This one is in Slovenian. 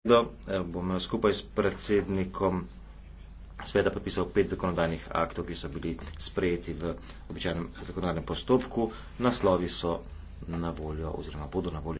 besedo, eh, bom skupaj s predsednikom sveta podpisal pet zakonodajnih aktov, ki so bili sprejeti v običajnem zakonodajnem postopku. Naslovi so na voljo oziroma bodo na voljo.